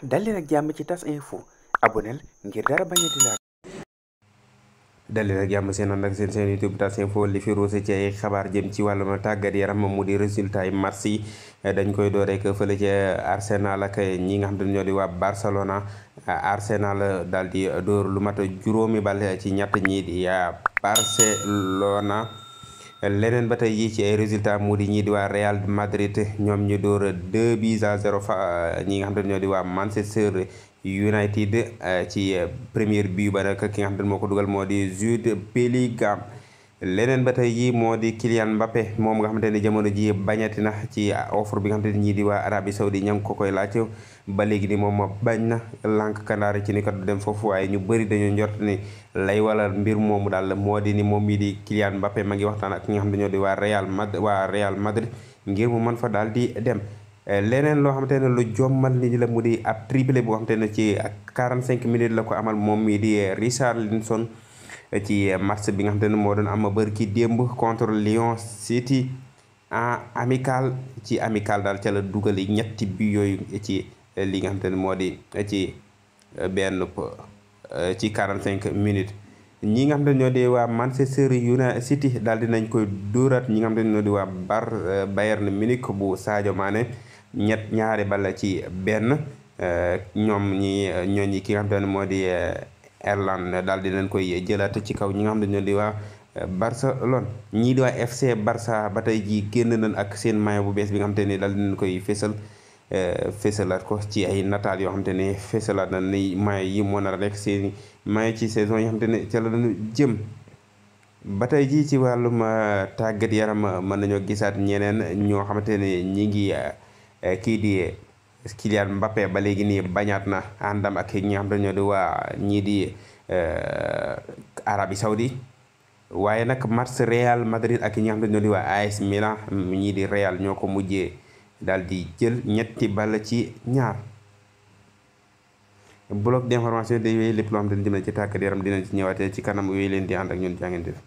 dalli nag jàmm ci tas info aboneel ngir dara bañ a di laal dalli nag jàmm seen ànd ak seen seen youtube tas info li fi ruuse ci ay xabaar jëm ci wàllum tàggat yaram mu di résultat yi match yi dañ koy dooree que fële ca Arsenal ak ñi nga xam te ñoo di waa Barcelona Arsenal daal di dóor lu mat juróomi bal ci ñett ñi di Barcelona leneen ba tey yi ci ay résultat moo di ñii di waa Real Madrid ñoom ñu door deux buts à zéro fa ñi nga xam te ñoo di waa Manchester United ci première but ba nag ki nga xam te moo ko dugal moo di Jude Bellingham leneen ba tey yii moo di Kylian Mbappé moom nga xamante ne jamono ji bañati na ci offre bi nga xamante ne ñii di waa Arabie Saoudi ña ngi ko koy laaj ba léegi ni moom bañ na lank kandaare ci ni kat du dem foofu waaye ñu bëri dañoo njort ni lay wala mbir moomu daal moo di ni moom mii di Kylian Mbappé ma ngi waxtaan ak ñi nga xam dañoo di waa Real Mad waa Real Madrid ngir mu man fa daal di dem leneen loo xamante ne lu jommal ni ñi la mu di ab triplé boo xamante ne ci 45 minutes la ko amal moom mii di Richarlison ci match bi nga xam te ne moo doon am bër ki démb contre Lyon City en amical ci amical daal ca la dugal ñetti bi yooyu ci li nga xam te ne moo di ci euh, benn euh, ci 45 minutes ñi nga xam ne ñoo di waa Manchester United City daal dinañ koy dóoraat ñi nga xam ne ñoo di waa bar euh, Bayern Munich bu saajo maane ñett ñaari bal ci benn ñoom ñi ñooñ ki nga xam ne moo di Erland daal di leen koy jëlaat ci kaw ñi nga xam ne ñoo di waa eh, Barcelone ñii di waa FC Barça ba tey jii génn nañ ak seen maillot bu bees bi nga xam te ne daal di leen koy fésal eh, fésalaat ko ci ay nataal yoo xam te ne fésalaat nañ ni maillot yi moo nar a nekk seen maillot ci saison yi xam te ne ca la ñu jëm. ba tey jii ci wàllum eh, tàggat yaram mën nañoo gisaat ñeneen ñoo xamante ne ñi ngi kii di. Kylian Mbappé ba léegi nii bañaat na àndam ak ñi nga xam dañoo di waa ñii di euh, Arabie Saoudi waaye nag match Real Madrid ak ñi nga xam ñoo di waa AS Milan ñii di Real ñoo ko mujjee daal di jël ñetti bala ci ñaar bloc d'information de yooyu lépp loo xam ne dina ci tàkk yaram dinañ ci ci kanam yooyu leen di ànd ak ñun jàngeen def